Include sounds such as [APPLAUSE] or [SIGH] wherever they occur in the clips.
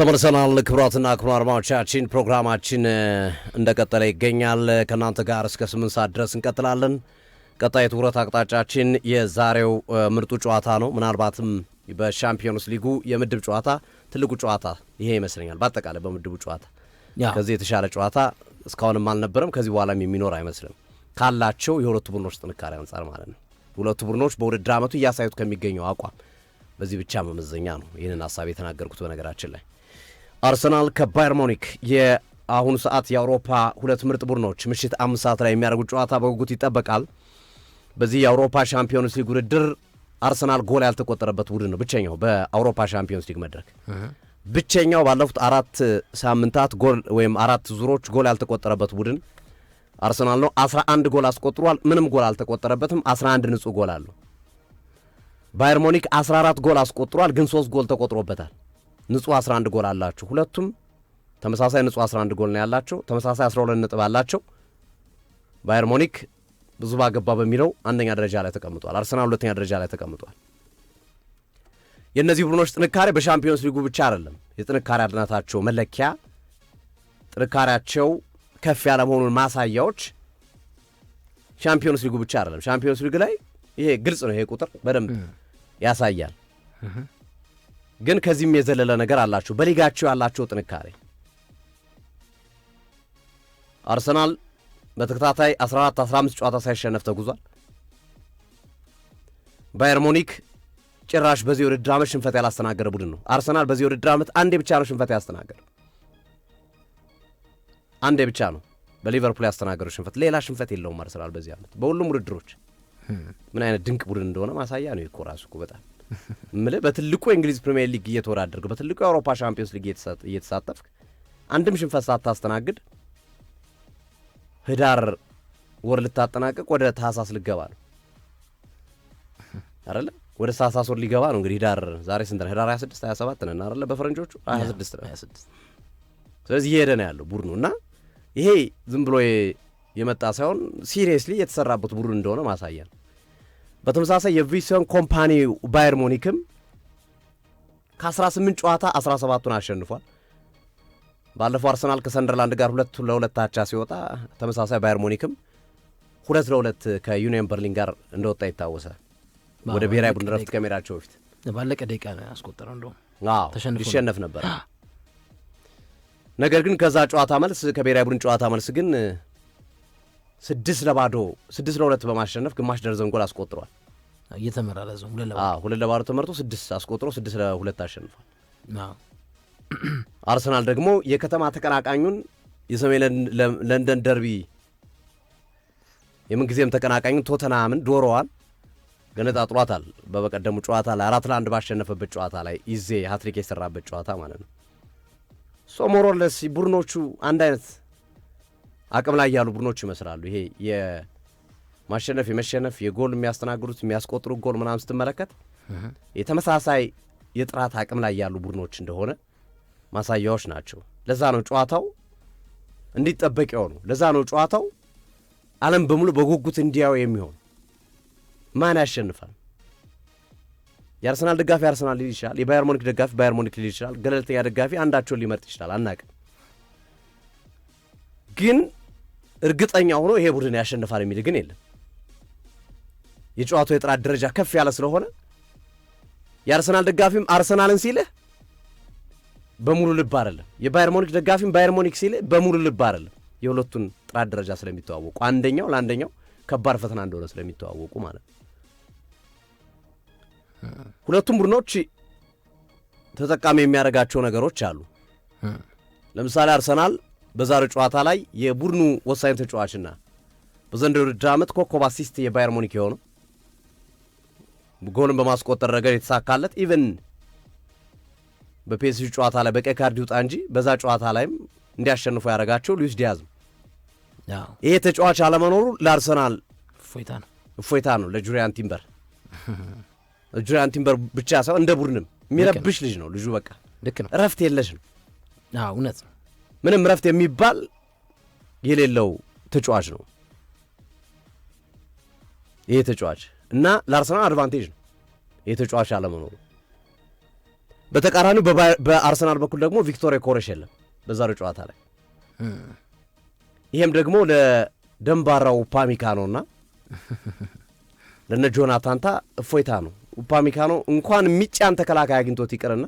ተመልሰናል። ክብራትና ክብሩ አድማጮቻችን ፕሮግራማችን እንደቀጠለ ይገኛል። ከእናንተ ጋር እስከ ስምንት ሰዓት ድረስ እንቀጥላለን። ቀጣይ ትኩረት አቅጣጫችን የዛሬው ምርጡ ጨዋታ ነው። ምናልባትም በሻምፒዮንስ ሊጉ የምድብ ጨዋታ ትልቁ ጨዋታ ይሄ ይመስለኛል። በአጠቃላይ በምድቡ ጨዋታ ከዚህ የተሻለ ጨዋታ እስካሁንም አልነበረም። ከዚህ በኋላም የሚኖር አይመስልም ካላቸው የሁለቱ ቡድኖች ጥንካሬ አንጻር ማለት ነው። ሁለቱ ቡድኖች በውድድር ዓመቱ እያሳዩት ከሚገኘው አቋም በዚህ ብቻ መመዘኛ ነው ይህንን ሀሳብ የተናገርኩት በነገራችን ላይ አርሰናል ከባየር ሞኒክ የአሁኑ ሰዓት የአውሮፓ ሁለት ምርጥ ቡድኖች ምሽት አምስት ሰዓት ላይ የሚያደርጉት ጨዋታ በጉጉት ይጠበቃል። በዚህ የአውሮፓ ሻምፒዮንስ ሊግ ውድድር አርሰናል ጎል ያልተቆጠረበት ቡድን ነው። ብቸኛው በአውሮፓ ሻምፒዮንስ ሊግ መድረክ ብቸኛው ባለፉት አራት ሳምንታት ጎል ወይም አራት ዙሮች ጎል ያልተቆጠረበት ቡድን አርሰናል ነው። 11 ጎል አስቆጥሯል። ምንም ጎል አልተቆጠረበትም። 11 ንጹህ ጎል አሉ። ባየር ሙኒክ 14 ጎል አስቆጥሯል፣ ግን ሶስት ጎል ተቆጥሮበታል። ንጹህ 11 ጎል አላቸው። ሁለቱም ተመሳሳይ ንጹህ 11 ጎል ነው ያላቸው። ተመሳሳይ 12 ነጥብ አላቸው። ባየር ሙኒክ ብዙ ባገባ በሚለው አንደኛ ደረጃ ላይ ተቀምጧል። አርሰናል ሁለተኛ ደረጃ ላይ ተቀምጧል። የእነዚህ ቡድኖች ጥንካሬ በሻምፒዮንስ ሊጉ ብቻ አይደለም የጥንካሬ አድናታቸው መለኪያ ጥንካሬያቸው ከፍ ያለ መሆኑን ማሳያዎች ሻምፒዮንስ ሊጉ ብቻ አይደለም። ሻምፒዮንስ ሊግ ላይ ይሄ ግልጽ ነው። ይሄ ቁጥር በደንብ ያሳያል። ግን ከዚህም የዘለለ ነገር አላችሁ። በሊጋችሁ ያላችሁ ጥንካሬ አርሰናል በተከታታይ 14 15 ጨዋታ ሳይሸነፍ ተጉዟል። ባየር ሙኒክ ጭራሽ በዚህ ውድድር ዓመት ሽንፈት ያላስተናገረ ቡድን ነው። አርሰናል በዚህ ውድድር ዓመት አንዴ ብቻ ነው ሽንፈት ያስተናገረ፣ አንዴ ብቻ ነው በሊቨርፑል ያስተናገረው ሽንፈት። ሌላ ሽንፈት የለውም አርሰናል በዚህ ዓመት በሁሉም ውድድሮች። ምን አይነት ድንቅ ቡድን እንደሆነ ማሳያ ነው እኮ ራሱ በጣም ምልህ በትልቁ የእንግሊዝ ፕሪምየር ሊግ እየተወዳደርክ በትልቁ የአውሮፓ ሻምፒዮንስ ሊግ እየተሳተፍክ አንድም ሽንፈት ሳታስተናግድ ህዳር ወር ልታጠናቀቅ ወደ ታህሳስ ልገባ ነው አይደለ? ወደ ታህሳስ ወር ሊገባ ነው እንግዲህ ህዳር ዛሬ ስንት ነው? ህዳር 26 27 ነን አይደለ? በፈረንጆቹ 26 ነው። ስለዚህ እየሄደ ነው ያለው ቡድኑ እና ይሄ ዝም ብሎ የመጣ ሳይሆን ሲሪየስሊ የተሰራበት ቡድን እንደሆነ ማሳያ ነው። በተመሳሳይ የቪሲዮን ኮምፓኒ ባየር ሞኒክም ከ18 ጨዋታ 17ቱን አሸንፏል። ባለፈው አርሰናል ከሰንደርላንድ ጋር ሁለት ለሁለት አቻ ሲወጣ ተመሳሳይ ባየር ሞኒክም ሁለት ለሁለት ከዩኒየን በርሊን ጋር እንደወጣ ይታወሳል። ወደ ብሔራዊ ቡድን ረፍት ከሜዳቸው በፊት ባለቀ ደቂቃ ነው ያስቆጠረው። እንደውም ይሸነፍ ነበር። ነገር ግን ከዛ ጨዋታ መልስ ከብሔራዊ ቡድን ጨዋታ መልስ ግን ስድስት ለባዶ ስድስት ለሁለት በማሸነፍ ግማሽ ደርዘን ጎል አስቆጥሯል። እየተመራ ሁለት ለባዶ ተመርቶ ስድስት አስቆጥሮ ስድስት ለሁለት አሸንፏል። [CLEARS THROAT] አርሰናል ደግሞ የከተማ ተቀናቃኙን የሰሜን ለንደን ደርቢ የምንጊዜም ተቀናቃኙን ቶተናምን ዶሮዋን ገነጣጥሏታል። በበቀደሙ ጨዋታ ላይ አራት ለአንድ ባሸነፈበት ጨዋታ ላይ ይዜ ሀትሪክ የሰራበት ጨዋታ ማለት ነው። ሶሞሮለስ ቡድኖቹ አንድ አይነት አቅም ላይ ያሉ ቡድኖች ይመስላሉ። ይሄ የማሸነፍ የመሸነፍ የጎል የሚያስተናግዱት የሚያስቆጥሩ ጎል ምናምን ስትመለከት የተመሳሳይ የጥራት አቅም ላይ ያሉ ቡድኖች እንደሆነ ማሳያዎች ናቸው። ለዛ ነው ጨዋታው እንዲጠበቅ የሆኑ። ለዛ ነው ጨዋታው ዓለም በሙሉ በጉጉት እንዲያው የሚሆን ማን ያሸንፋል። የአርሰናል ደጋፊ አርሰናል ሊል ይችላል። የባየር ሞኒክ ደጋፊ ባየር ሞኒክ ሊል ይችላል። ገለልተኛ ደጋፊ አንዳቸውን ሊመርጥ ይችላል። አናቅም ግን እርግጠኛ ሆኖ ይሄ ቡድን ያሸንፋል የሚል ግን የለም። የጨዋታው የጥራት ደረጃ ከፍ ያለ ስለሆነ የአርሰናል ደጋፊም አርሰናልን ሲልህ በሙሉ ልብ አይደለም። የባየር ሞኒክ ደጋፊም ባየር ሞኒክ ሲልህ በሙሉ ልብ አይደለም። የሁለቱን ጥራት ደረጃ ስለሚተዋወቁ አንደኛው ለአንደኛው ከባድ ፈተና እንደሆነ ስለሚተዋወቁ ማለት ነው። ሁለቱም ቡድኖች ተጠቃሚ የሚያደርጋቸው ነገሮች አሉ። ለምሳሌ አርሰናል በዛሬው ጨዋታ ላይ የቡድኑ ወሳኝ ተጫዋችና በዘንድሮ ውድድር ዓመት ኮከብ አሲስት የባየር ሙኒክ የሆነው ጎልን በማስቆጠር ረገድ የተሳካለት ኢቨን በፒኤስጂ ጨዋታ ላይ በቀይ ካርድ ይውጣ እንጂ በዛ ጨዋታ ላይም እንዲያሸንፉ ያደረጋቸው ሉዊስ ዲያዝ ነው። ይሄ ተጫዋች አለመኖሩ ለአርሰናል እፎይታ ነው። ለጁሪያን ቲምበር [LAUGHS] ጁሪያን ቲምበር ብቻ ሳይሆን እንደ ቡድንም የሚረብሽ ልጅ ነው። ልጁ በቃ ልክ ነው፣ እረፍት የለሽ ነው። እውነት ነው። ምንም ረፍት የሚባል የሌለው ተጫዋች ነው ይሄ ተጫዋች እና ለአርሰናል አድቫንቴጅ ነው ይሄ ተጫዋች አለመኖሩ። በተቃራኒው በአርሰናል በኩል ደግሞ ቪክቶሪ ኮረሽ የለም በዛሬው ጨዋታ ላይ። ይሄም ደግሞ ለደንባራው ኡፓሚካኖ እና ለነ ጆናታንታ እፎይታ ነው። ኡፓሚካኖ እንኳን የሚጫን ተከላካይ አግኝቶት ይቅርና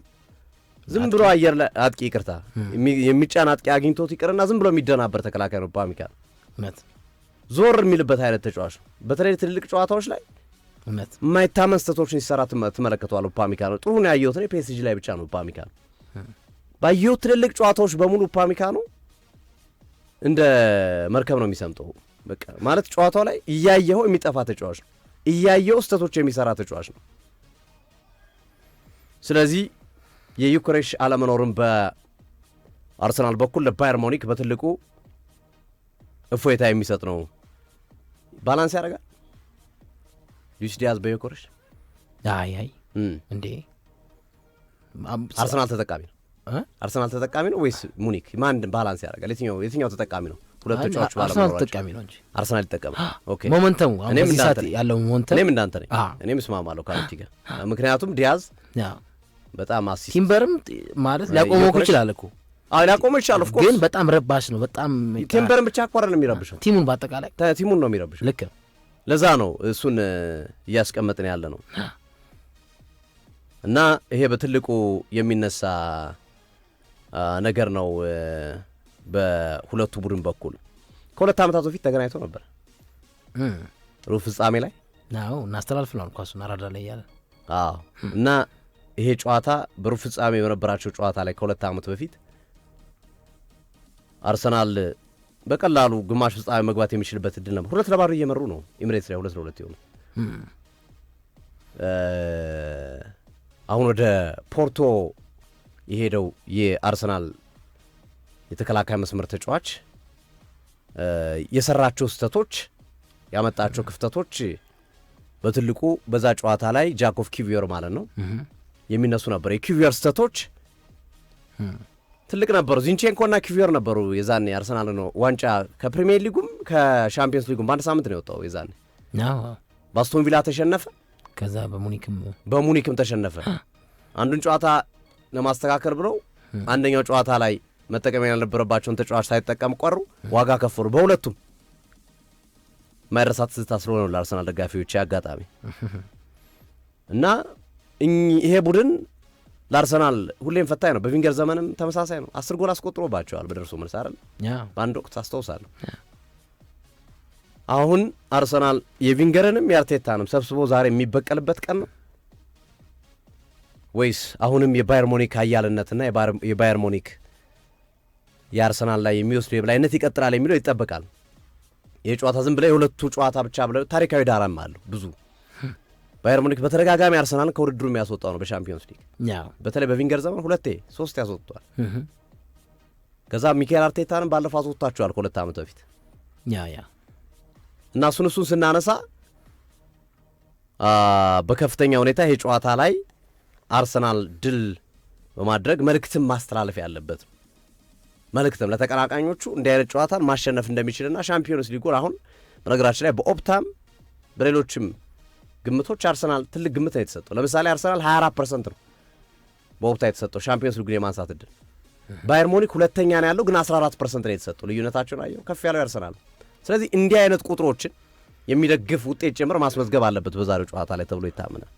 ዝም ብሎ አየር አጥቂ ይቅርታ የሚጫን አጥቂ አግኝቶት ይቅርና ዝም ብሎ የሚደናበር ተከላካይ ነው ኡፓሜካኖ። እውነት ዞር የሚልበት አይነት ተጫዋች ነው። በተለይ ትልልቅ ጨዋታዎች ላይ እውነት የማይታመን ስህተቶችን ሲሰራ ትመለከተዋል ነው ጥሩ ነው ያየሁት እኔ ፒኤስጂ ላይ ብቻ ነው ኡፓሜካኖ። ባየሁት ትልልቅ ጨዋታዎች በሙሉ ነው እንደ መርከብ ነው የሚሰምጠው። በቃ ማለት ጨዋታው ላይ እያየኸው የሚጠፋ ተጫዋች ነው። እያየው ስህተቶች የሚሰራ ተጫዋች ነው። ስለዚህ የዩክሬሽ አለመኖርን በአርሰናል በኩል ለባየር ሞኒክ በትልቁ እፎይታ የሚሰጥ ነው። ባላንስ ያደርጋል። ሉዊስ ዲያዝ በዩክሬሽ አይ አይ እንዴ አርሰናል ተጠቃሚ ነው። አርሰናል ተጠቃሚ ነው ወይስ ሙኒክ? ማን ባላንስ ያደርጋል? የትኛው ተጠቃሚ ነው? ሁለቱ ጫዎች ባለመኖራቸው ተጠቃሚ ነው እንጂ አርሰናል ይጠቀማል። ኦኬ ሞመንተሙ እኔም እንዳንተ ነኝ። እኔም እስማማለሁ ካለቲ ጋር ምክንያቱም ዲያዝ በጣም አሲስት ቲምበርም ማለት ሊያቆመው ይችላል እኮ አይ ሊያቆመው ይችላል። ኦፍ ኮርስ ግን በጣም ረባሽ ነው። በጣም ቲምበርም ብቻ እኮ ነው የሚረብሸው ቲሙን በአጠቃላይ ቲሙን ነው የሚረብሸው። ልክ ለዛ ነው እሱን እያስቀመጥን ያለ ነው እና ይሄ በትልቁ የሚነሳ ነገር ነው በሁለቱ ቡድን በኩል ከሁለት ዓመታት በፊት ተገናኝቶ ነበር ሩብ ፍጻሜ ላይ እናስተላልፍ ነው ኳሱን አራዳ ላይ እያለ እና ይሄ ጨዋታ በሩብ ፍጻሜ በነበራቸው ጨዋታ ላይ ከሁለት ዓመት በፊት አርሰናል በቀላሉ ግማሽ ፍጻሜ መግባት የሚችልበት እድል ነበር። ሁለት ለባዶ እየመሩ ነው ኤምሬትስ ላይ ሁለት ለሁለት የሆኑ አሁን ወደ ፖርቶ የሄደው የአርሰናል የተከላካይ መስመር ተጫዋች የሰራቸው ስህተቶች ያመጣቸው ክፍተቶች በትልቁ በዛ ጨዋታ ላይ ጃኮቭ ኪቪዮር ማለት ነው የሚነሱ ነበር የኪቪር ስህተቶች ትልቅ ነበሩ። ዚንቼንኮ ኪቪር ነበሩ የዛኔ አርሰናል ነው ዋንጫ ከፕሪሚየር ሊጉም ከሻምፒየንስ ሊጉም በአንድ ሳምንት ነው የወጣው። የዛኔ በአስቶን ቪላ ተሸነፈ፣ ከዛ በሙኒክም በሙኒክም ተሸነፈ። አንዱን ጨዋታ ለማስተካከል ብለው አንደኛው ጨዋታ ላይ መጠቀም ያልነበረባቸውን ተጫዋች ሳይጠቀም ቀሩ፣ ዋጋ ከፈሉ። በሁለቱም ማይረሳት ስታስሮ ነው ለአርሰናል ደጋፊዎች አጋጣሚ እና ይሄ ቡድን ለአርሰናል ሁሌም ፈታኝ ነው። በቪንገር ዘመንም ተመሳሳይ ነው። አስር ጎል አስቆጥሮባቸዋል በደርሶ መልስ አይደል በአንድ ወቅት አስታውሳለሁ። አሁን አርሰናል የቪንገርንም የአርቴታንም ሰብስቦ ዛሬ የሚበቀልበት ቀን ነው ወይስ አሁንም የባየር ሞኒክ አያልነትና የባየር ሞኒክ የአርሰናል ላይ የሚወስዱ የበላይነት ይቀጥላል የሚለው ይጠበቃል። የጨዋታ ዝም ብለ የሁለቱ ጨዋታ ብቻ ብለ ታሪካዊ ዳራም አለው ብዙ ባየር ሙኒክ በተደጋጋሚ አርሰናልን ከውድድሩ የሚያስወጣው ነው። በሻምፒዮንስ ሊግ በተለይ በቪንገር ዘመን ሁለቴ ሶስት ያስወጥቷል። ከዛ ሚካኤል አርቴታንም ባለፈው አስወጥቷቸዋል ከሁለት ዓመት በፊት እና እሱን እሱን ስናነሳ በከፍተኛ ሁኔታ ይሄ ጨዋታ ላይ አርሰናል ድል በማድረግ መልእክትም ማስተላለፍ ያለበት መልእክትም ለተቀናቃኞቹ እንዲህ አይነት ጨዋታን ማሸነፍ እንደሚችልና ሻምፒዮንስ ሊጉን አሁን በነገራችን ላይ በኦፕታም በሌሎችም ግምቶች አርሰናል ትልቅ ግምት ነው የተሰጠው። ለምሳሌ አርሰናል 24 ፐርሰንት ነው በወቅታ የተሰጠው ሻምፒዮንስ ሊግን የማንሳት እድል። ባየር ሞኒክ ሁለተኛ ነው ያለው ግን 14 ፐርሰንት ነው የተሰጠው። ልዩነታቸውን አየው፣ ከፍ ያለው ያርሰናል። ስለዚህ እንዲህ አይነት ቁጥሮችን የሚደግፍ ውጤት ጭምር ማስመዝገብ አለበት በዛሬው ጨዋታ ላይ ተብሎ ይታመናል።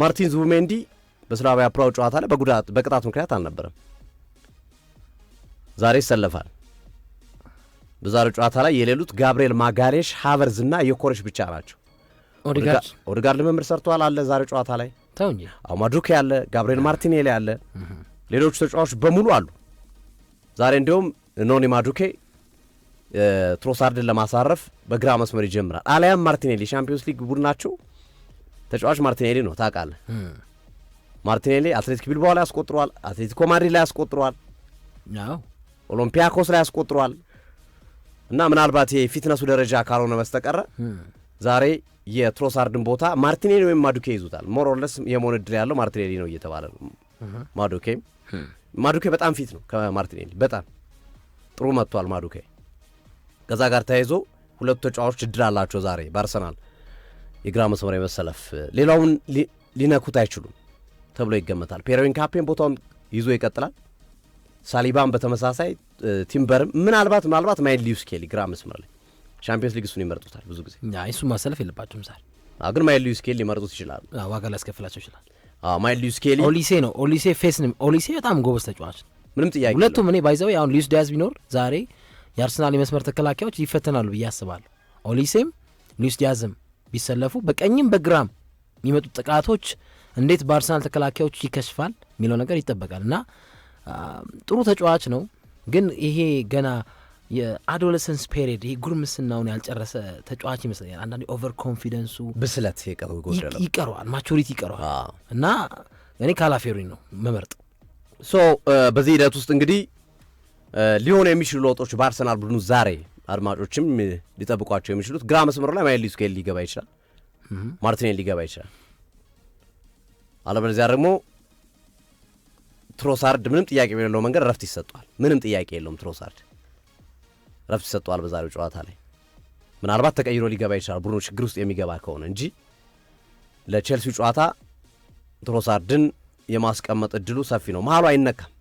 ማርቲን ዙቢሜንዲ በስላቪያ ፕራው ጨዋታ ላይ በጉዳት በቅጣት ምክንያት አልነበረም። ዛሬ ይሰለፋል። በዛሬው ጨዋታ ላይ የሌሉት ጋብርኤል ማጋሌሽ፣ ሃቨርዝ እና የኮረሽ ብቻ ናቸው። ኦድጋርድ ልምምድ ሰርተዋል አለ ዛሬ ጨዋታ ላይ ተውኝ። አማዱኬ ያለ ጋብሪኤል ማርቲኔሊ ያለ ሌሎቹ ተጫዋቾች በሙሉ አሉ። ዛሬ እንዲሁም ኖኒ ማዱኬ ትሮሳርድን ለማሳረፍ በግራ መስመር ይጀምራል። አሊያም ማርቲኔሊ ሻምፒዮንስ ሊግ ቡድናቸው ተጫዋች ማርቲኔሊ ነው ታውቃለ ማርቲኔሊ አትሌቲክ ቢልባ ላይ ያስቆጥሯል፣ አትሌቲኮ ማድሪድ ላይ ያስቆጥሯል፣ ኦሎምፒያኮስ ላይ ያስቆጥሯል እና ምናልባት የፊትነሱ ደረጃ ካልሆነ በስተቀረ ዛሬ የትሮሳርድን ቦታ ማርቲኔሊ ወይም ማዱኬ ይዙታል። ሞሮለስ የመሆን እድል ያለው ማርቲኔሊ ነው እየተባለ ነው። ማዱኬም ማዱኬ በጣም ፊት ነው ከማርቲኔሊ በጣም ጥሩ መጥቷል ማዱኬ። ከዛ ጋር ተያይዞ ሁለቱ ተጫዋቾች እድል አላቸው ዛሬ በአርሰናል የግራ መስመር የመሰለፍ ሌላውን ሊነኩት አይችሉም ተብሎ ይገመታል። ፔሮዊን ካፔን ቦታውን ይዞ ይቀጥላል። ሳሊባን በተመሳሳይ ቲምበርም ምናልባት ምናልባት ማይልዩስ ኬሊ ግራ መስመር ላይ ሻምፒዮንስ ሊግ እሱን ይመርጡታል ብዙ ጊዜ። እሱ ማሰለፍ የለባቸውም ዛሬ ግን ማይል ሊዩስ ስኬሊ ሊመርጡት ይችላሉ። ዋጋ ሊያስከፍላቸው ይችላል። ማይል ሊዩስ ስኬሊ ኦሊሴ ነው። ኦሊሴ ፌስ ኦሊሴ በጣም ጎበዝ ተጫዋች ነው። ምንም ጥያቄ ሁለቱም እኔ ባይዘው አሁን ሉዊስ ዲያዝ ቢኖር ዛሬ የአርሰናል የመስመር ተከላካዮች ይፈተናሉ ብዬ አስባለሁ። ኦሊሴም ሉዊስ ዲያዝም ቢሰለፉ በቀኝም በግራም የሚመጡት ጥቃቶች እንዴት በአርሰናል ተከላካዮች ይከሽፋል የሚለው ነገር ይጠበቃል እና ጥሩ ተጫዋች ነው ግን ይሄ ገና የአዶለሰንስ ፔሪድ ይሄ ጉርምስናውን ያልጨረሰ ተጫዋች ይመስለኛል። አንዳንዴ ኦቨር ኮንፊደንሱ ብስለት ይቀረዋል፣ ማቹሪቲ ይቀረዋል እና እኔ ካላፊዮሪ ነው መመርጥ። ሶ በዚህ ሂደት ውስጥ እንግዲህ ሊሆኑ የሚችሉ ለውጦች በአርሰናል ቡድኑ ዛሬ አድማጮችም ሊጠብቋቸው የሚችሉት ግራ መስመሩ ላይ ማይልስ ኬል ሊገባ ይችላል፣ ማርቲኔል ሊገባ ይችላል። አለበለዚያ ደግሞ ትሮሳርድ ምንም ጥያቄ የሌለው መንገድ ረፍት ይሰጧል። ምንም ጥያቄ የለውም ትሮሳርድ ረፍት ይሰጠዋል በዛሬው ጨዋታ ላይ ምናልባት ተቀይሮ ሊገባ ይችላል ቡድኑ ችግር ውስጥ የሚገባ ከሆነ እንጂ ለቼልሲው ጨዋታ ትሮሳርድን የማስቀመጥ እድሉ ሰፊ ነው። መሀሉ አይነካም።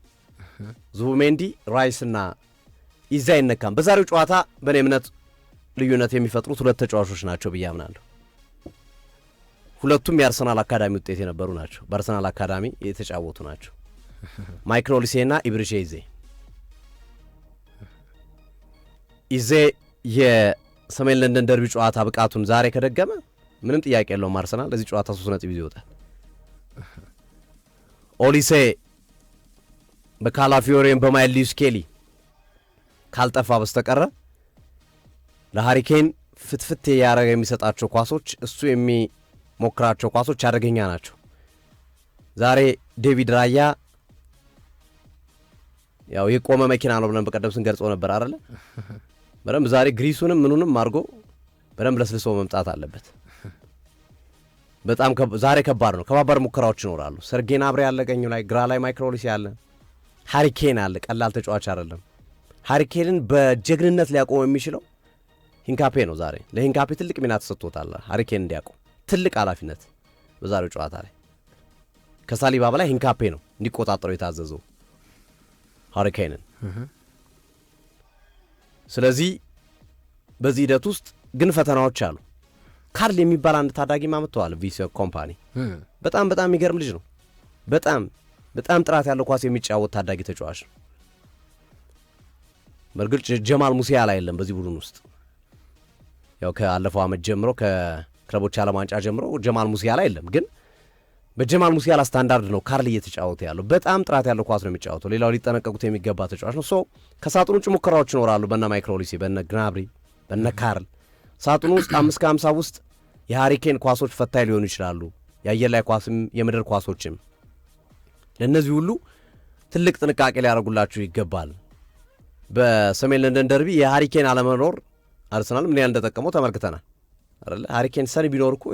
ዙቡሜንዲ ራይስና ኢዜ አይነካም። በዛሬው ጨዋታ በእኔ እምነት ልዩነት የሚፈጥሩት ሁለት ተጫዋቾች ናቸው ብዬ አምናለሁ። ሁለቱም የአርሰናል አካዳሚ ውጤት የነበሩ ናቸው። በአርሰናል አካዳሚ የተጫወቱ ናቸው። ማይክል ኦሊሴና ኢብሪቼ ኢዜ ኢዜ የሰሜን ለንደን ደርቢ ጨዋታ ብቃቱን ዛሬ ከደገመ ምንም ጥያቄ የለውም አርሰናል ለዚህ ጨዋታ ሶስት ነጥብ ይዞ ይወጣል። ኦሊሴ በካላፊዮሬን በማይል ሊዩስ ኬሊ ካልጠፋ በስተቀረ ለሃሪኬን ፍትፍት ያደረገ የሚሰጣቸው ኳሶች እሱ የሚሞክራቸው ኳሶች አደገኛ ናቸው። ዛሬ ዴቪድ ራያ ያው የቆመ መኪና ነው ብለን በቀደም ስንገልጾ ነበር አይደለ? በደንብ ዛሬ ግሪሱንም ምኑንም አድርጎ በደንብ ለስልሶ መምጣት አለበት። በጣም ዛሬ ከባድ ነው። ከባባድ ሙከራዎች ይኖራሉ። ሰርጌን አብሬ ያለ ላይ ግራ ላይ ማይክሮሊስ ያለ ሃሪኬን አለ። ቀላል ተጫዋች አይደለም። ሃሪኬንን በጀግንነት ሊያቆም የሚችለው ሂንካፔ ነው። ዛሬ ለሂንካፔ ትልቅ ሚና ተሰጥቶታል። ሃሪኬን እንዲያቆም ትልቅ ኃላፊነት በዛሬው ጨዋታ ላይ ከሳሊባ በላይ ሂንካፔ ነው እንዲቆጣጠረው የታዘዘው ሃሪኬንን ስለዚህ በዚህ ሂደት ውስጥ ግን ፈተናዎች አሉ። ካርል የሚባል አንድ ታዳጊ ማምጥተዋል ቪሲ ኮምፓኒ። በጣም በጣም የሚገርም ልጅ ነው። በጣም በጣም ጥራት ያለው ኳስ የሚጫወት ታዳጊ ተጫዋች ነው። በእርግጥ ጀማል ሙሲያላ የለም በዚህ ቡድን ውስጥ ያው ከአለፈው ዓመት ጀምሮ ከክለቦች ዓለም ዋንጫ ጀምሮ ጀማል ሙሲያላ የለም ግን በጀማል ሙሲያላ ስታንዳርድ ነው ካርል እየተጫወተ ያለው። በጣም ጥራት ያለው ኳስ ነው የሚጫወተው። ሌላው ሊጠነቀቁት የሚገባ ተጫዋች ነው። ሶ ከሳጥኑ ውጭ ሙከራዎች ይኖራሉ። በነ ማይክሮሊሲ፣ በነ ግናብሪ፣ በነ ካርል ሳጥኑ ውስጥ አምስት ከሀምሳ ውስጥ የሃሪኬን ኳሶች ፈታኝ ሊሆኑ ይችላሉ። የአየር ላይ ኳስም የምድር ኳሶችም ለእነዚህ ሁሉ ትልቅ ጥንቃቄ ሊያደርጉላችሁ ይገባል። በሰሜን ለንደን ደርቢ የሃሪኬን አለመኖር አርሰናል ምን ያህል እንደጠቀመው ተመልክተናል። ሃሪኬን ሰን ቢኖር እኮ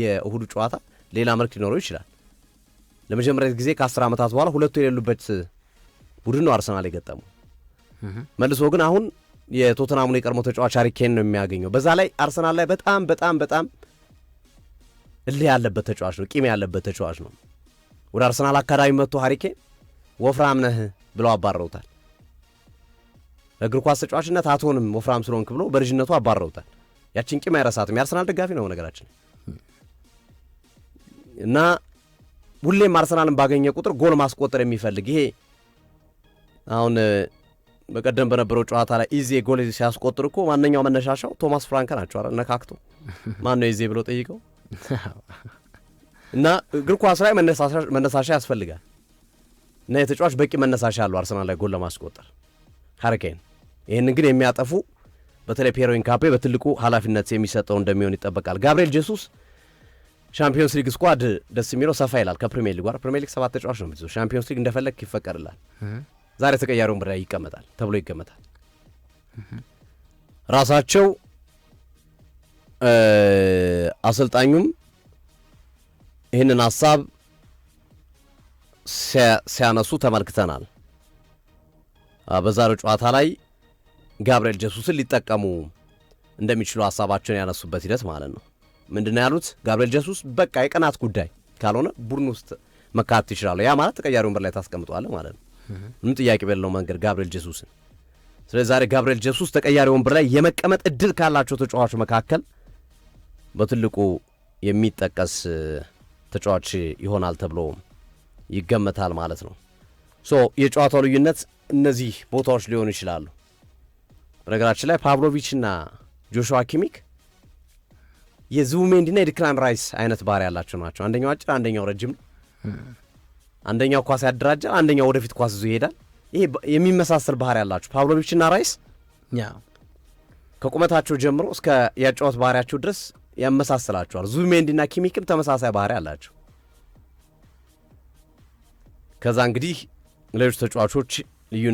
የእሁዱ ጨዋታ ሌላ መልክ ሊኖረው ይችላል። ለመጀመሪያ ጊዜ ከአስር ዓመታት በኋላ ሁለቱ የሌሉበት ቡድን ነው አርሰናል የገጠመው። መልሶ ግን አሁን የቶተናሙን የቀድሞ ተጫዋች ሃሪኬን ነው የሚያገኘው። በዛ ላይ አርሰናል ላይ በጣም በጣም በጣም እልህ ያለበት ተጫዋች ነው፣ ቂም ያለበት ተጫዋች ነው። ወደ አርሰናል አካዳሚ መጥቶ ሃሪኬን ወፍራም ነህ ብለው አባረውታል። እግር ኳስ ተጫዋችነት አትሆንም ወፍራም ስለሆንክ ብሎ በልጅነቱ አባረውታል። ያችን ቂም አይረሳትም። የአርሰናል ደጋፊ ነው ነገራችን እና ሁሌም አርሰናልን ባገኘ ቁጥር ጎል ማስቆጠር የሚፈልግ ይሄ አሁን በቀደም በነበረው ጨዋታ ላይ ኢዜ ጎል ሲያስቆጥር እኮ ማንኛው መነሻሻው ቶማስ ፍራንከ ናቸው። አረ ነካክቶ [LAUGHS] ማን ነው ኢዜ ብሎ ጠይቀው [LAUGHS] እና እግር ኳስ ላይ መነሳሻ ያስፈልጋል እና የተጫዋች በቂ መነሳሻ አለው አርሰናል ላይ ጎል ለማስቆጠር ሀሪኬን። ይህን ግን የሚያጠፉ በተለይ ፔሮን ካፔ በትልቁ ኃላፊነት የሚሰጠው እንደሚሆን ይጠበቃል። ጋብርኤል ጄሱስ ሻምፒዮንስ ሊግ ስኳድ ደስ የሚለው ሰፋ ይላል ከፕሪሚየር ሊግ ጋር። ፕሪሚየር ሊግ ሰባት ተጫዋች ነው የምትይዘው። ሻምፒዮንስ ሊግ እንደፈለግ ይፈቀድላል። ዛሬ ተቀያሪ ወንበር ላይ ይቀመጣል ተብሎ ይገመታል። ራሳቸው አሰልጣኙም ይህንን ሀሳብ ሲያነሱ ተመልክተናል። በዛሬው ጨዋታ ላይ ጋብርኤል ጀሱስን ሊጠቀሙ እንደሚችሉ ሀሳባቸውን ያነሱበት ሂደት ማለት ነው። ምንድነው ያሉት ጋብርኤል ጀሱስ በቃ የቀናት ጉዳይ ካልሆነ ቡድን ውስጥ መካት ይችላሉ። ያ ማለት ተቀያሪ ወንበር ላይ ታስቀምጠዋለህ ማለት ነው፣ ምንም ጥያቄ በሌለው መንገድ ጋብርኤል ጀሱስን። ስለዚህ ዛሬ ጋብርኤል ጀሱስ ተቀያሪ ወንበር ላይ የመቀመጥ እድል ካላቸው ተጫዋቾች መካከል በትልቁ የሚጠቀስ ተጫዋች ይሆናል ተብሎ ይገመታል ማለት ነው። ሶ የጨዋታው ልዩነት እነዚህ ቦታዎች ሊሆኑ ይችላሉ። በነገራችን ላይ ፓብሎቪችና ጆሹዋ ኪሚክ የዙሜንዲና የዲክላን ራይስ አይነት ባህሪ ያላቸው ናቸው። አንደኛው አጭር፣ አንደኛው ረጅም ነው። አንደኛው ኳስ ያደራጃል፣ አንደኛው ወደፊት ኳስ ይዞ ይሄዳል። ይሄ የሚመሳሰል ባህሪ ያላቸው ፓብሎቪችና ራይስ ከቁመታቸው ጀምሮ እስከ ያጫወት ባህሪያቸው ድረስ ያመሳስላቸዋል። ዙሜንዲና ኪሚክም ተመሳሳይ ባህሪ አላቸው። ከዛ እንግዲህ ሌሎች ተጫዋቾች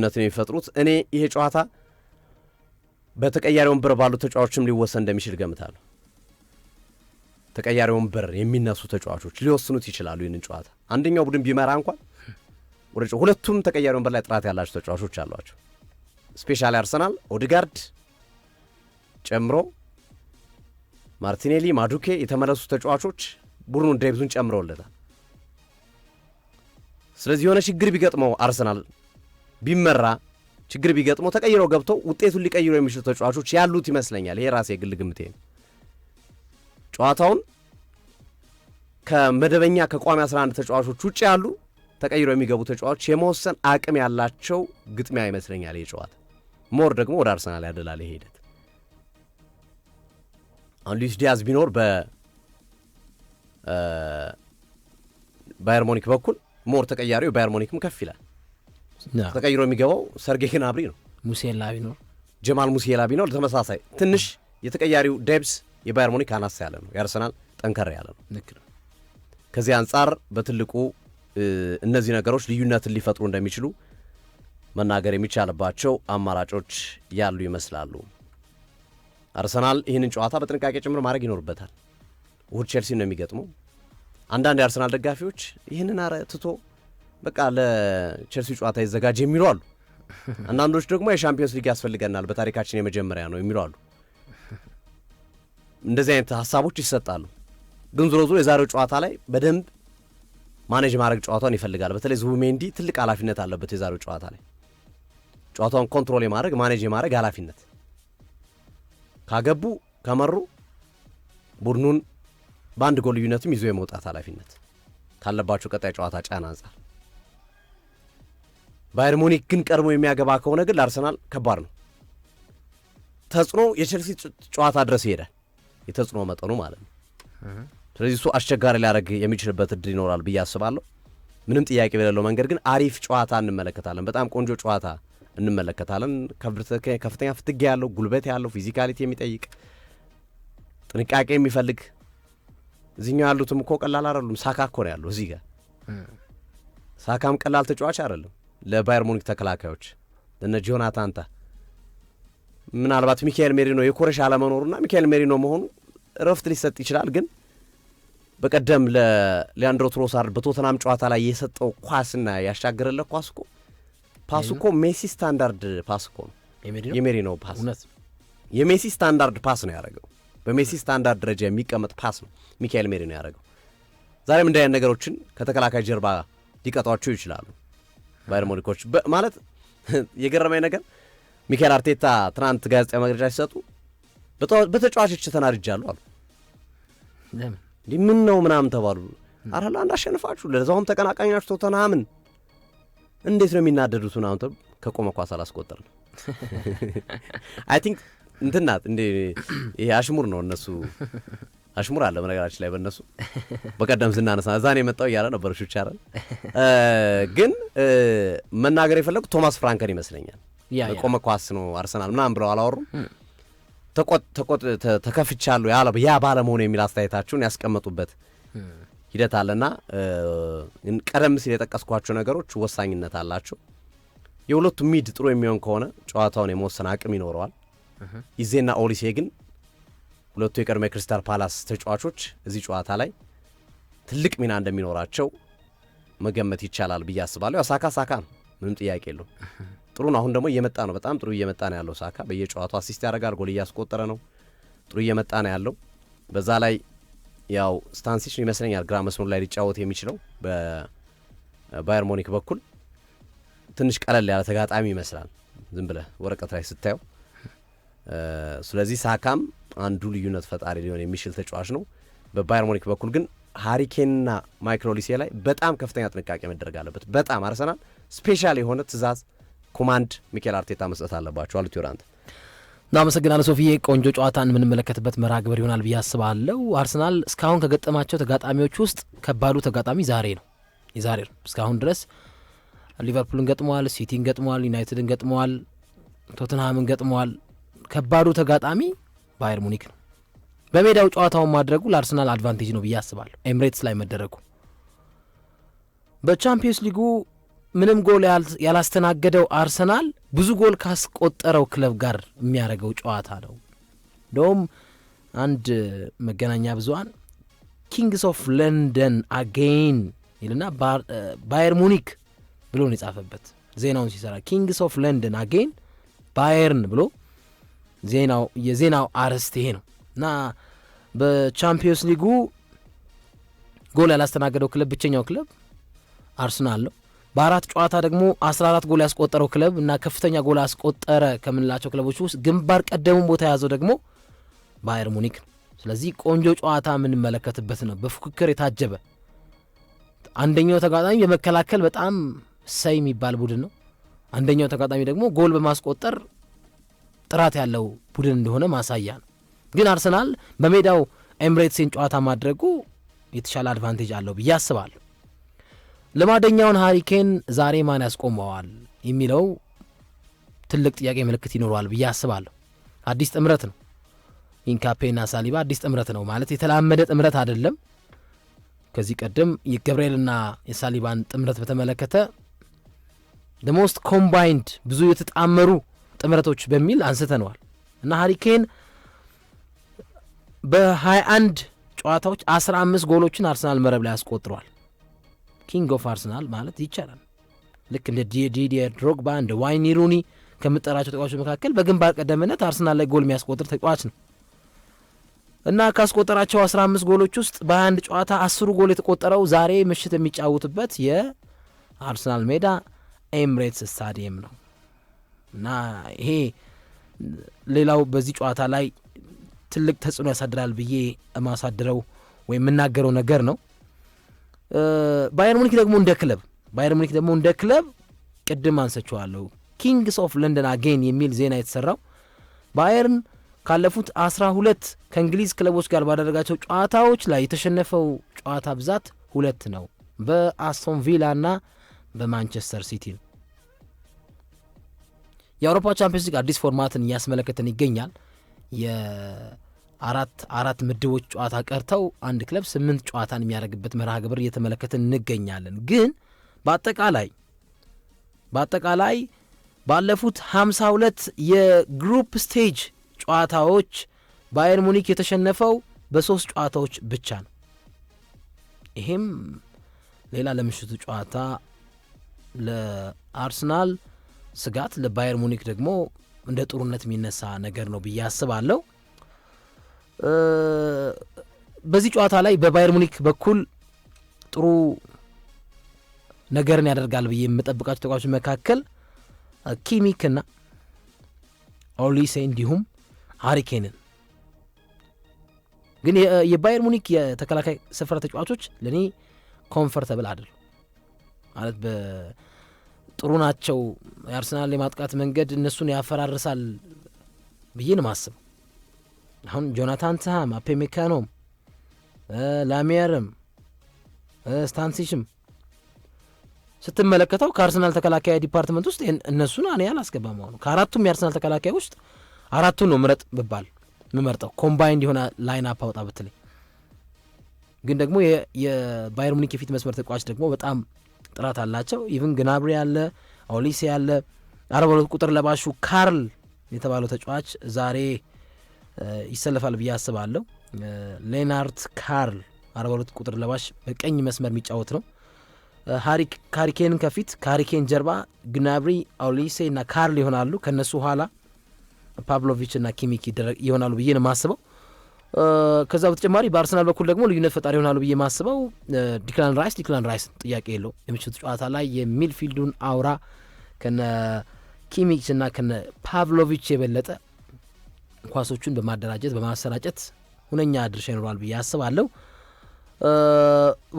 ነው የሚፈጥሩት እኔ ይሄ ጨዋታ በተቀያሪ ወንበር ባሉ ተጫዋቾችም ሊወሰን እንደሚችል ገምታለሁ። ተቀያሪ ወንበር የሚነሱ ተጫዋቾች ሊወስኑት ይችላሉ። ይህንን ጨዋታ አንደኛው ቡድን ቢመራ እንኳን ሁለቱም ተቀያሪ ወንበር ላይ ጥራት ያላቸው ተጫዋቾች አሏቸው። ስፔሻሊ አርሰናል ኦድጋርድ ጨምሮ ማርቲኔሊ፣ ማዱኬ የተመለሱ ተጫዋቾች ቡድኑን ደብዙን ጨምረውለታል። ስለዚህ የሆነ ችግር ቢገጥመው አርሰናል ቢመራ ችግር ቢገጥመው ተቀይረው ገብተው ውጤቱን ሊቀይሩ የሚችሉ ተጫዋቾች ያሉት ይመስለኛል። ይሄ ራሴ የግል ግምቴ ነው። ጨዋታውን ከመደበኛ ከቋሚ 11 ተጫዋቾች ውጭ ያሉ ተቀይሮ የሚገቡ ተጫዋቾች የመወሰን አቅም ያላቸው ግጥሚያ ይመስለኛል። ይህ ጨዋታ ሞር ደግሞ ወደ አርሰናል ያደላል። ይሄ ሂደት አሁን ሉዊስ ዲያዝ ቢኖር በባየር ሞኒክ በኩል ሞር ተቀያሪው የባየር ሞኒክም ከፍ ይላል። ተቀይሮ የሚገባው ሰርጌ ግናብሪ ነው። ሙሴላ ቢኖር ጀማል ሙሴላ ቢኖር ተመሳሳይ ትንሽ የተቀያሪው ደብስ የባየር ሙኒክ አናሳ ያለ ነው፣ የአርሰናል ጠንከር ያለ ነው። ከዚህ አንጻር በትልቁ እነዚህ ነገሮች ልዩነትን ሊፈጥሩ እንደሚችሉ መናገር የሚቻልባቸው አማራጮች ያሉ ይመስላሉ። አርሰናል ይህንን ጨዋታ በጥንቃቄ ጭምር ማድረግ ይኖርበታል። እሁድ ቼልሲ ነው የሚገጥመው። አንዳንድ የአርሰናል ደጋፊዎች ይህንን አረ ትቶ በቃ ለቼልሲ ጨዋታ ይዘጋጅ የሚሉ አሉ። አንዳንዶች ደግሞ የሻምፒዮንስ ሊግ ያስፈልገናል በታሪካችን የመጀመሪያ ነው የሚሉ አሉ። እንደዚህ አይነት ሀሳቦች ይሰጣሉ። ግን ዞሮ ዞሮ የዛሬው ጨዋታ ላይ በደንብ ማኔጅ ማድረግ ጨዋታውን ይፈልጋል። በተለይ ዙቢሜንዲ ትልቅ ኃላፊነት አለበት የዛሬው ጨዋታ ላይ ጨዋታውን ኮንትሮል የማድረግ ማኔጅ የማድረግ ኃላፊነት ካገቡ ከመሩ ቡድኑን በአንድ ጎል ልዩነትም ይዞ የመውጣት ኃላፊነት ካለባቸው ቀጣይ ጨዋታ ጫና አንጻር ባየር ሙኒክ ግን ቀድሞ የሚያገባ ከሆነ ግን ለአርሰናል ከባድ ነው። ተጽዕኖ የቼልሲ ጨዋታ ድረስ ይሄዳል። የተጽዕኖ መጠኑ ማለት ነው። ስለዚህ እሱ አስቸጋሪ ሊያደርግ የሚችልበት እድል ይኖራል ብዬ አስባለሁ። ምንም ጥያቄ በሌለው መንገድ ግን አሪፍ ጨዋታ እንመለከታለን። በጣም ቆንጆ ጨዋታ እንመለከታለን። ከፍተኛ ፍትጌ ያለው፣ ጉልበት ያለው፣ ፊዚካሊቲ የሚጠይቅ ጥንቃቄ የሚፈልግ እዚህኛው ያሉትም እኮ ቀላል አይደሉም። ሳካ እኮ ነው ያለው እዚህ ጋር። ሳካም ቀላል ተጫዋች አይደለም። ለባየር ሙኒክ ተከላካዮች ለነ ጆናታንታ ምናልባት ሚካኤል ሜሪኖ የኮረሽ አለመኖሩና ሚካኤል ሜሪኖ መሆኑ እረፍት ሊሰጥ ይችላል። ግን በቀደም ለሊያንድሮ ትሮሳርድ በቶተናም ጨዋታ ላይ የሰጠው ኳስና ያሻገረለት ኳስ እኮ ፓስ እኮ ሜሲ ስታንዳርድ ፓስ እኮ ነው። የሜሪኖ ፓስ የሜሲ ስታንዳርድ ፓስ ነው ያደረገው። በሜሲ ስታንዳርድ ደረጃ የሚቀመጥ ፓስ ነው ሚካኤል ሜሪኖ ያደረገው። ዛሬም እንዳይነት ነገሮችን ከተከላካይ ጀርባ ሊቀጧቸው ይችላሉ ባየር ሙኒኮች ማለት የገረመኝ ነገር ሚካኤል አርቴታ ትናንት ጋዜጣዊ መግለጫ ሲሰጡ በተጫዋቾች ተናድጃለሁ አሉ። እንዲህ ምን ነው ምናምን ተባሉ። አረ አሸንፋችሁ ለዛውም ተቀናቃኝ ናችሁ ቶተንሃምን እንዴት ነው የሚናደዱት? ምናምን ተብሎ ከቆመ ኳስ አላስቆጠርም። [LAUGHS] አይ ቲንክ እንትናት እንዴ ይሄ አሽሙር ነው እነሱ አሽሙር አለ በነገራችን ላይ በእነሱ [LAUGHS] በቀደም ስናነሳ እዛኔ የመጣው እያለ ነበር ሹቻረን ግን መናገር የፈለጉት ቶማስ ፍራንከን ይመስለኛል የቆመ ኳስ ነው አርሰናል ምናምን ብለው አላወሩም። ተከፍቻለሁ ያ ባለመሆኑ የሚል አስተያየታችሁን ያስቀመጡበት ሂደት አለና ቀደም ሲል የጠቀስኳቸው ነገሮች ወሳኝነት አላቸው። የሁለቱ ሚድ ጥሩ የሚሆን ከሆነ ጨዋታውን የመወሰን አቅም ይኖረዋል። ይዜና ኦሊሴ ግን ሁለቱ የቀድሞ የክሪስታል ፓላስ ተጫዋቾች እዚህ ጨዋታ ላይ ትልቅ ሚና እንደሚኖራቸው መገመት ይቻላል ብዬ አስባለሁ። ያው ሳካ ሳካ ነው፣ ምንም ጥያቄ የለውም። ጥሩ ነው። አሁን ደግሞ እየመጣ ነው። በጣም ጥሩ እየመጣ ነው ያለው ሳካ በየጨዋታው አሲስት ያደርጋል፣ ጎል እያስቆጠረ ነው። ጥሩ እየመጣ ነው ያለው። በዛ ላይ ያው ስታንሲች ይመስለኛል ግራ መስመሩ ላይ ሊጫወት የሚችለው በባየር ሞኒክ በኩል ትንሽ ቀለል ያለ ተጋጣሚ ይመስላል ዝም ብለ ወረቀት ላይ ስታየው። ስለዚህ ሳካም አንዱ ልዩነት ፈጣሪ ሊሆን የሚችል ተጫዋች ነው። በባየር ሞኒክ በኩል ግን ሀሪኬንና ማይክሮሊሴ ኦሊሴ ላይ በጣም ከፍተኛ ጥንቃቄ መደረግ አለበት። በጣም አርሰናል ስፔሻል የሆነ ትእዛዝ ኮማንድ ሚኬል አርቴታ መስጠት አለባቸው አሉት ዮራንት። እናመሰግናለን ሶፊዬ። ቆንጆ ጨዋታን የምንመለከትበት መርሃ ግብር ይሆናል ብዬ አስባለሁ። አርሰናል እስካሁን ከገጠማቸው ተጋጣሚዎች ውስጥ ከባዱ ተጋጣሚ ዛሬ ነው የዛሬ ነው። እስካሁን ድረስ ሊቨርፑልን ገጥመዋል፣ ሲቲን ገጥመዋል፣ ዩናይትድን ገጥመዋል፣ ቶትንሃምን ገጥመዋል። ከባዱ ተጋጣሚ ባየር ሙኒክ ነው። በሜዳው ጨዋታውን ማድረጉ ለአርሰናል አድቫንቴጅ ነው ብዬ አስባለሁ፣ ኤምሬትስ ላይ መደረጉ። በቻምፒየንስ ሊጉ ምንም ጎል ያላስተናገደው አርሰናል ብዙ ጎል ካስቆጠረው ክለብ ጋር የሚያደርገው ጨዋታ ነው። እንደውም አንድ መገናኛ ብዙኃን ኪንግስ ኦፍ ለንደን አጌን ይልና ባየር ሙኒክ ብሎ ነው የጻፈበት ዜናውን ሲሰራ ኪንግስ ኦፍ ለንደን አጌን ባየርን ብሎ የዜናው አርዕስት ይሄ ነው እና በቻምፒዮንስ ሊጉ ጎል ያላስተናገደው ክለብ ብቸኛው ክለብ አርሰናል ነው። በአራት ጨዋታ ደግሞ 14 ጎል ያስቆጠረው ክለብ እና ከፍተኛ ጎል አስቆጠረ ከምንላቸው ክለቦች ውስጥ ግንባር ቀደሙን ቦታ የያዘው ደግሞ ባየር ሙኒክ ነው። ስለዚህ ቆንጆ ጨዋታ የምንመለከትበት ነው፣ በፉክክር የታጀበ አንደኛው ተጋጣሚ በመከላከል በጣም ሰይ የሚባል ቡድን ነው። አንደኛው ተጋጣሚ ደግሞ ጎል በማስቆጠር ጥራት ያለው ቡድን እንደሆነ ማሳያ ነው። ግን አርሰናል በሜዳው ኤምሬትሴን ጨዋታ ማድረጉ የተሻለ አድቫንቴጅ አለው ብዬ አስባለሁ። ልማደኛውን ሀሪኬን ዛሬ ማን ያስቆመዋል የሚለው ትልቅ ጥያቄ ምልክት ይኖረዋል ብዬ አስባለሁ። አዲስ ጥምረት ነው። ኢንካፔና ሳሊባ አዲስ ጥምረት ነው ማለት የተላመደ ጥምረት አይደለም። ከዚህ ቀደም የገብርኤልና የሳሊባን ጥምረት በተመለከተ ደሞስት ኮምባይንድ ብዙ የተጣመሩ ጥምረቶች በሚል አንስተነዋል እና ሀሪኬን በ21 ጨዋታዎች 15 ጎሎችን አርሰናል መረብ ላይ አስቆጥሯል። ኪንግ ኦፍ አርሰናል ማለት ይቻላል። ልክ እንደ ዲዲየር ድሮግባ እንደ ዋይኒ ሩኒ ከምጠራቸው ተጫዋቾች መካከል በግንባር ቀደምነት አርሰናል ላይ ጎል የሚያስቆጥር ተጫዋች ነው እና ካስቆጠራቸው 15 ጎሎች ውስጥ በ21 ጨዋታ አስሩ ጎል የተቆጠረው ዛሬ ምሽት የሚጫወቱበት የአርሰናል ሜዳ ኤምሬትስ ስታዲየም ነው እና ይሄ ሌላው በዚህ ጨዋታ ላይ ትልቅ ተጽዕኖ ያሳድራል ብዬ የማሳድረው ወይም የምናገረው ነገር ነው። ባየር ሙኒክ ደግሞ እንደ ክለብ ባየር ሙኒክ ደግሞ እንደ ክለብ ቅድም አንሰችዋለሁ ኪንግስ ኦፍ ለንደን አጌን የሚል ዜና የተሰራው ባየርን ካለፉት አስራ ሁለት ከእንግሊዝ ክለቦች ጋር ባደረጋቸው ጨዋታዎች ላይ የተሸነፈው ጨዋታ ብዛት ሁለት ነው፣ በአስቶን ቪላ ና በማንቸስተር ሲቲ። የአውሮፓ ቻምፒዮንስ ሊግ አዲስ ፎርማትን እያስመለከትን ይገኛል። አራት አራት ምድቦች ጨዋታ ቀርተው አንድ ክለብ ስምንት ጨዋታን የሚያደርግበት መርሃ ግብር እየተመለከትን እንገኛለን። ግን በአጠቃላይ በአጠቃላይ ባለፉት 52 የግሩፕ ስቴጅ ጨዋታዎች ባየር ሙኒክ የተሸነፈው በሶስት ጨዋታዎች ብቻ ነው። ይሄም ሌላ ለምሽቱ ጨዋታ ለአርሰናል ስጋት፣ ለባየር ሙኒክ ደግሞ እንደ ጥሩነት የሚነሳ ነገር ነው ብዬ አስባለሁ። በዚህ ጨዋታ ላይ በባየር ሙኒክ በኩል ጥሩ ነገርን ያደርጋል ብዬ የምጠብቃቸው ተጫዋቾች መካከል ኪሚክና ኦሊሴ እንዲሁም ሀሪኬንን ግን የባየር ሙኒክ የተከላካይ ስፍራ ተጫዋቾች ለእኔ ኮንፈርተብል አይደሉም ማለት በጥሩ ናቸው። የአርሰናል የማጥቃት መንገድ እነሱን ያፈራርሳል ብዬ ነው የማስበው። አሁን ጆናታን ትሃም አፔሜካኖም ላሚየርም ስታንሲሽም ስትመለከተው ከአርሰናል ተከላካይ ዲፓርትመንት ውስጥ እነሱን እኔ አላስገባም። አሁኑ ከአራቱም የአርሰናል ተከላካይ ውስጥ አራቱን ነው ምረጥ ብባል ምመርጠው ኮምባይንድ የሆነ ላይን አፕ አውጣ ብትለኝ፣ ግን ደግሞ የባየር ሙኒክ የፊት መስመር ተጫዋች ደግሞ በጣም ጥራት አላቸው። ኢቭን ግናብሪ ያለ ኦሊሴ ያለ አርባ ሁለት ቁጥር ለባሹ ካርል የተባለው ተጫዋች ዛሬ ይሰለፋል ብዬ አስባለሁ። ሌናርት ካርል 42 ቁጥር ለባሽ በቀኝ መስመር የሚጫወት ነው። ካሪኬን ከፊት ካሪኬን ጀርባ ግናብሪ፣ አውሊሴ እና ካርል ይሆናሉ። ከእነሱ ኋላ ፓብሎቪች እና ኪሚክ ይሆናሉ ብዬ ነው የማስበው። ከዛ በተጨማሪ በአርሰናል በኩል ደግሞ ልዩነት ፈጣሪ ይሆናሉ ብዬ የማስበው ዲክላን ራይስ ዲክላን ራይስ ጥያቄ የለው የምሽቱ ጨዋታ ላይ የሚድፊልዱን አውራ ከነ ኪሚች እና ከነ ፓቭሎቪች የበለጠ ኳሶቹን በማደራጀት በማሰራጨት ሁነኛ ድርሻ ይኖረዋል ብዬ አስባለሁ።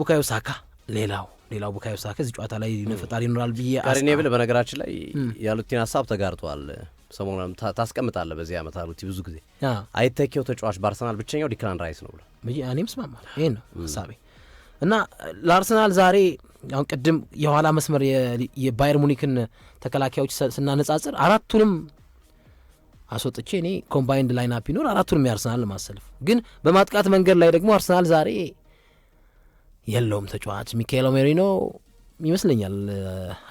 ቡካዮ ሳካ ሌላው ሌላው ቡካዮ ሳካ እዚህ ጨዋታ ላይ ነፈጣሪ ይኖራል ብዬ ብል በነገራችን ላይ ያሉቲን ሀሳብ ተጋርተዋል። ሰሞኑን ታስቀምጣለ በዚህ ዓመት አሉቲ ብዙ ጊዜ አይተኪው ተጫዋች በአርሰናል ብቸኛው ዲክላን ራይስ ነው ብሎ እኔም ስማማል። ይህ ነው ሀሳቤ እና ለአርሰናል ዛሬ አሁን ቅድም የኋላ መስመር የባየር ሙኒክን ተከላካዮች ስናነጻጽር አራቱንም አስወጥቼ እኔ ኮምባይንድ ላይን ላይናፕ ይኖር አራቱንም የአርሰናል ለማሰልፍ ግን በማጥቃት መንገድ ላይ ደግሞ አርሰናል ዛሬ የለውም ተጫዋች ሚካኤል ሜሪኖ ይመስለኛል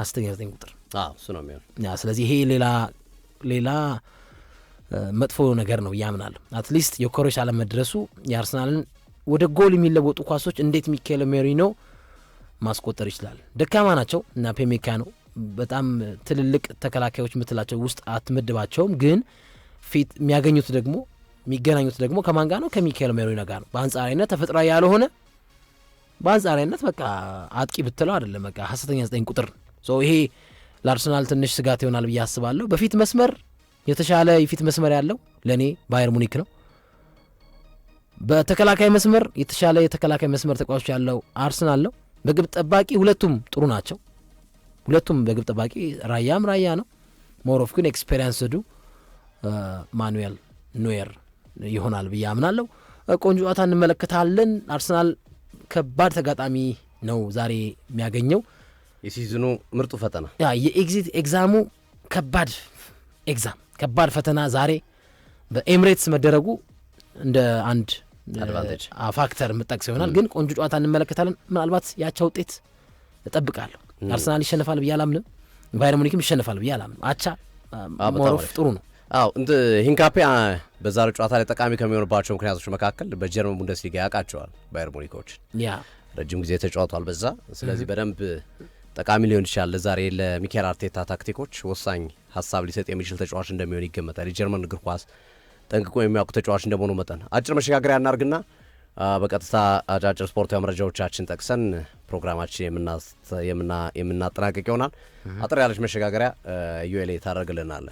አስተኛ ዘጠኝ ቁጥር እሱ ነው የሚሆን። ስለዚህ ይሄ ሌላ ሌላ መጥፎ ነገር ነው እያምናል አትሊስት የኮረሽ አለመድረሱ የአርሰናልን ወደ ጎል የሚለወጡ ኳሶች እንዴት ሚካኤል ሜሪኖ ማስቆጠር ይችላል? ደካማ ናቸው እና ፔሜካ ነው በጣም ትልልቅ ተከላካዮች ምትላቸው ውስጥ አትመድባቸውም። ግን ፊት የሚያገኙት ደግሞ የሚገናኙት ደግሞ ከማን ጋር ነው? ከሚካኤል ሜሪኖ ጋር ነው። በአንጻራዊነት ተፈጥሯዊ ያልሆነ በአንጻራዊነት በቃ አጥቂ ብትለው አይደለም፣ በቃ ሀሰተኛ ዘጠኝ ቁጥር ይሄ ለአርሰናል ትንሽ ስጋት ይሆናል ብዬ አስባለሁ። በፊት መስመር የተሻለ የፊት መስመር ያለው ለእኔ ባየር ሙኒክ ነው። በተከላካይ መስመር የተሻለ የተከላካይ መስመር ተቋዎች ያለው አርሰናል ነው። በግብ ጠባቂ ሁለቱም ጥሩ ናቸው። ሁለቱም በግብ ጠባቂ ራያም ራያ ነው። ሞሮፍ ግን ኤክስፔሪንስዱ ማኑኤል ኖየር ይሆናል ብዬ አምናለሁ። ቆንጆ ጨዋታ እንመለከታለን። አርሰናል ከባድ ተጋጣሚ ነው ዛሬ የሚያገኘው የሲዝኑ ምርጡ ፈተና የኤግዚት ኤግዛሙ ከባድ ኤግዛም ከባድ ፈተና ዛሬ በኤምሬትስ መደረጉ እንደ አንድ ፋክተር የምጠቅሰው ይሆናል። ግን ቆንጆ ጨዋታ እንመለከታለን። ምናልባት ያቻ ውጤት እጠብቃለሁ። አርሰናል ይሸነፋል ብዬ አላምንም። ባየር ሙኒክም ይሸነፋል ብዬ አላምንም። አቻ ሞሮፍ ጥሩ ነው። አዎ ሂንካፔ በዛሬው ጨዋታ ላይ ጠቃሚ ከሚሆንባቸው ምክንያቶች መካከል በጀርመን ቡንደስሊጋ ያውቃቸዋል ባየር ሙኒኮች ረጅም ጊዜ ተጫውቷል በዛ። ስለዚህ በደንብ ጠቃሚ ሊሆን ይችላል። ለዛሬ ለሚካኤል አርቴታ ታክቲኮች ወሳኝ ሀሳብ ሊሰጥ የሚችል ተጫዋች እንደሚሆን ይገመታል። የጀርመን እግር ኳስ ጠንቅቆ የሚያውቁ ተጫዋች እንደመሆኑ መጠን አጭር መሸጋገሪያ እናርግና በቀጥታ አጫጭር ስፖርታዊ መረጃዎቻችን ጠቅሰን ፕሮግራማችን የምናጠናቀቅ ይሆናል። አጥር ያለች መሸጋገሪያ ዩኤል ታደርግልናል።